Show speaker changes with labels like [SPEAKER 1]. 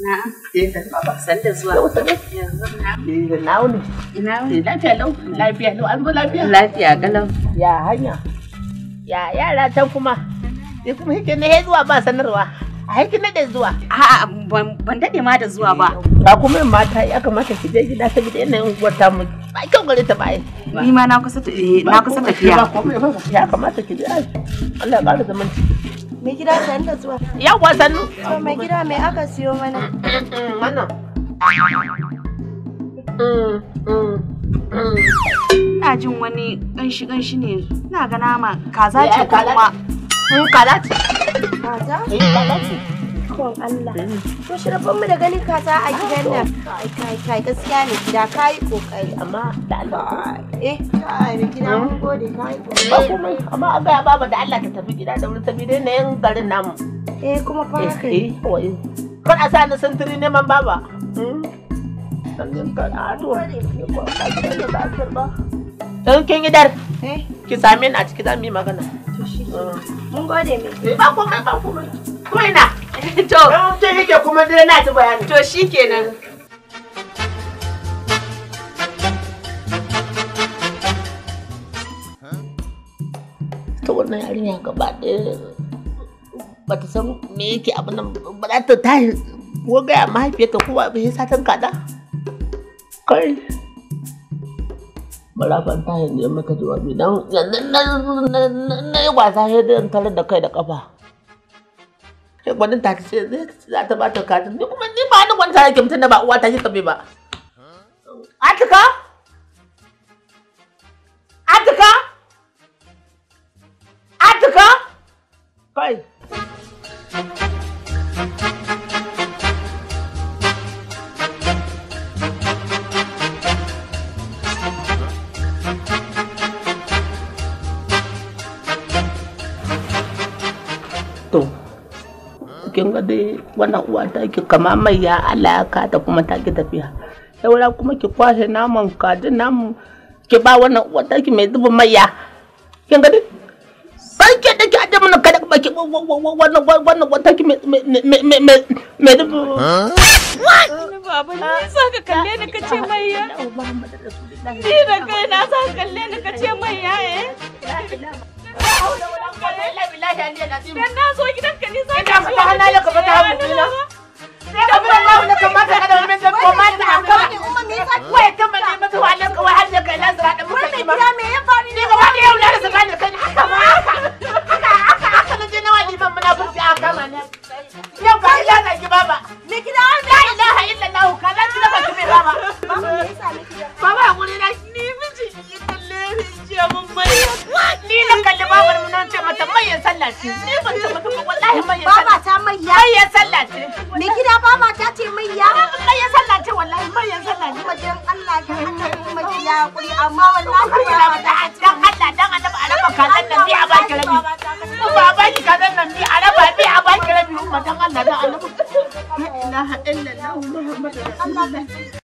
[SPEAKER 1] Na'am. Eh da zuwa. Eh, lafiya lau. Lafiya Ya hanya. Ya yara can kuma. Sai kuma hike na zuwa ba sanarwa. A hike na da zuwa. A'a ban dade ma da zuwa ba. Ba kuma mata ya kamata ki je gida saboda yanayin unguwar ta mu. Ba kyau ta ba Ni ma na kusa eh, tafiya. Ya kamata ki je. Allah ya ƙara Mai gida sanin da zuwa. Yawwa sannu. To mai gida mai aka siyo mana. Wannan. Mm, mm, Ina jin wani ganshi ganshi ne. Ina ga nama kaza ce eh, kuma. Kaza ce. Kaza? Eh, kaza ce. Eh, ikon Allah. To shi mu da ganin kaza a gidan nan. Kai kai kai gaskiya ne gida kai kokari amma da Allah. Eh kai ne gida mun gode kai kokari. Ba Amma an ga baba da Allah ta tafi gida da wurin wuri saboda yanayin garin namu. Eh kuma fa haka ne. Eh, eh, Kar a sa ni santiri neman baba. Dan hmm? eh, kin gidar. Ki same ni a ciki zan yi magana. Hmm. Mun gode mai. Ba komai ba komai. Kuma ina. to to yake kuma dai na ji bayani to shikenan ta wannan yarinya gaba ɗaya ba ta san me yake abin nan ba za ta tashi ko gaya mahaifiyarta ko ba bai satan kaɗa kai marafan tashi ne maka jawabi don yanzu na yi wasa sai da tare da kai da ƙafa gwanin ta ce za ta bata katin ni kuma ni ba ni ta da ba uwa ta ce ba atika atika atika kai ga dai wannan uwa ta ki kama mai ya Allah ya ka ta kuma ta ki tafiya saura kuma ki kwashe naman kajin namu ki ba wannan uwa ta ki mai zuba mai ya kin ga dai sai ke da ki aje mana kada ba ki wannan wannan ta ki mai mai mai mai Baba ni sa ka kalle ni kace mai ya. Ni da kai na sa kalle ni kace mai ya eh. an na zo gidanka ne sai ka ci ka fata mu dina sai ka fata mu na sallah ce. Ni wallahi mai sallah. ya. ce. Ni gida baba ta ce mai ya. Mai ya sallah ce wallahi mai ya sallah ce. Madan Allah ka ya kuri amma wallahi baba ta ce. Dan Allah dan annabi a raba kazan nan ni a baki rabi. Ba a baki kazan nan ni a raba ni a baki rabi. Dan Allah dan annabi. La ilaha illallah Muhammadur Rasulullah.